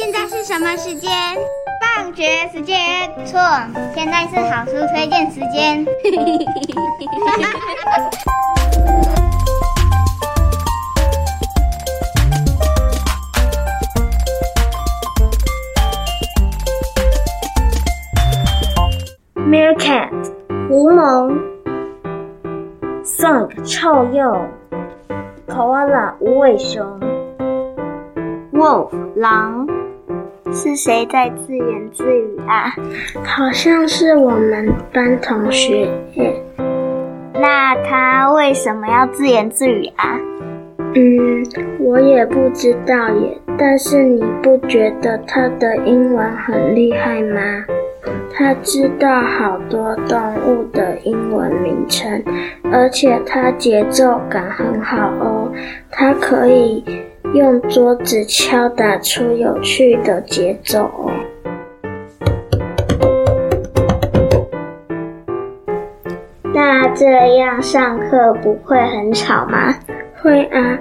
現在是什麼時間？放學時間。錯，現在是好書推薦時間。Meerkat，狐獴。Skunk，臭鼬。Koala，無尾熊。Wolf，狼。是誰在自言自語啊？好像是我們班同學耶。那他為什麼要自言自語啊？嗯，我也不知道耶。但是你不覺得他的英文很厲害嗎？他知道好多動物的英文名稱，而且他節奏感很好哦。他可以。用桌子敲打出有趣的節奏哦。那這樣上課不會很吵嗎？會啊，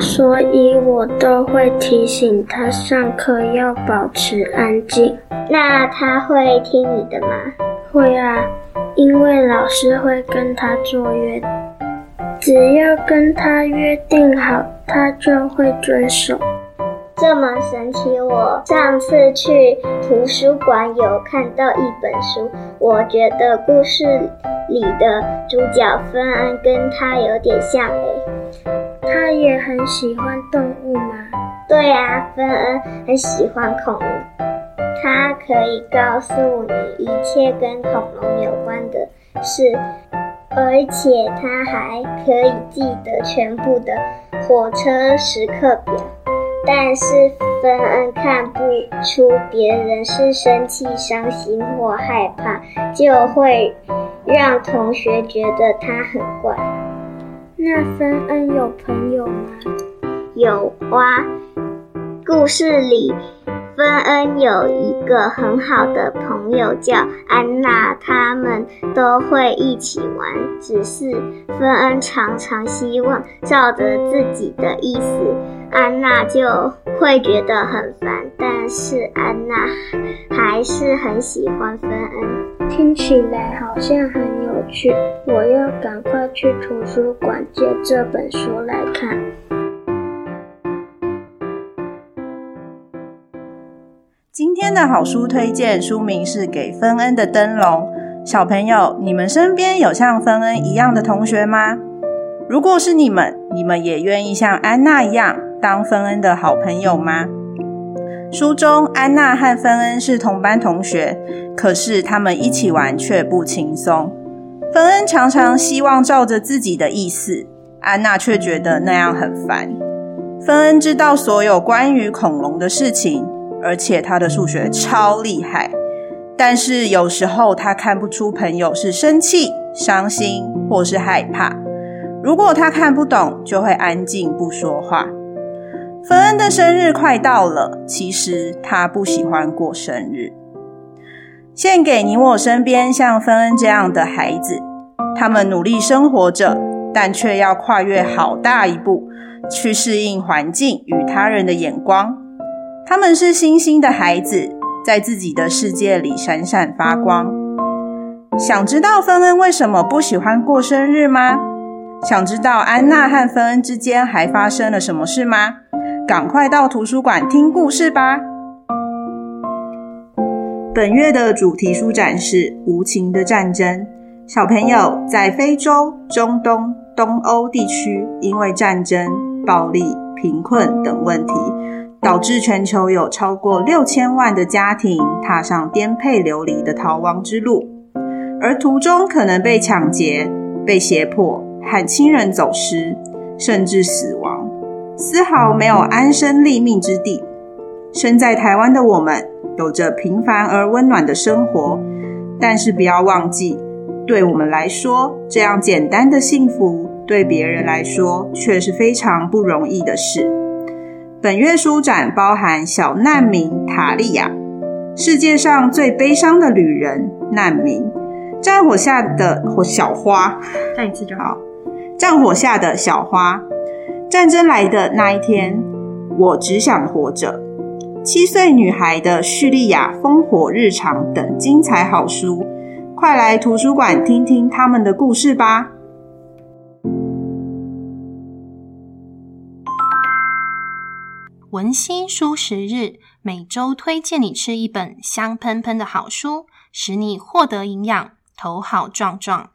所以我都會提醒他上課要保持安靜。那他會聽你的嗎？會啊，因為老師會跟他做約只要跟他約定好，他就會遵守。這麼神奇！我上次去圖書館有看到一本書，我覺得故事裡的主角芬恩跟他有點像哎、欸。他也很喜歡動物嗎？對啊，芬恩很喜歡恐龍。他可以告訴你一切跟恐龍有關的事。而且他還可以記得全部的火車時刻表，但是芬恩看不出別人是生氣、傷心或害怕，就會讓同學覺得他很怪。那芬恩有朋友嗎？有啊，故事裡。芬恩有一個很好的朋友叫安娜，他們都會一起玩。只是芬恩常常希望照着自己的意思，安娜就會覺得很煩。但是安娜還是很喜歡芬恩。聽起來好像很有趣，我要趕快去圖書館借這本書來看。今天的好書推薦，書名是《給芬恩的燈籠》。小朋友，你們身邊有像芬恩一樣的同學嗎？如果是你們，你們也願意像安娜一樣當芬恩的好朋友嗎？書中，安娜和芬恩是同班同學，可是他們一起玩卻不輕鬆。芬恩常常希望照着自己的意思，安娜卻覺得那樣很煩。芬恩知道所有關於恐龍的事情。而且他的數學超厲害，但是有時候他看不出朋友是生氣、傷心或是害怕。如果他看不懂，就會安靜不說話。芬恩的生日快到了，其實他不喜歡過生日。獻給你我身邊像芬恩這樣的孩子，他們努力生活着，但卻要跨越好大一步，去適應環境與他人的眼光。他們是星星的孩子，在自己的世界裡閃閃發光。想知道芬恩為什麼不喜歡過生日嗎？想知道安娜和芬恩之間還發生了什麼事嗎？趕快到圖書館聽故事吧！本月的主題書展是《無情的戰爭》。小朋友，在非洲、中東、東歐地區，因為戰爭、暴力、貧困等問題，導致全球有超過六千萬的家庭踏上顛沛流離的逃亡之路，而途中可能被搶劫、被脅迫、和親人走失，甚至死亡，絲毫沒有安身立命之地。身在台灣的我們，有着平凡而溫暖的生活，但是不要忘記，對我們來說這樣簡單的幸福，對別人來說卻是非常不容易的事。本月書展包含《小難民塔利亞》，世界上最悲傷的旅人——難民，《戰火下的小花》，站一次就好，《戰火下的小花》，戰爭來的那一天，我只想活着，《七歲女孩的敘利亞烽火日常》等精彩好書，快來圖書館聽聽他們的故事吧。文欣書食日，每週推薦你吃一本香噴噴的好書，使你獲得營養，頭好壯壯。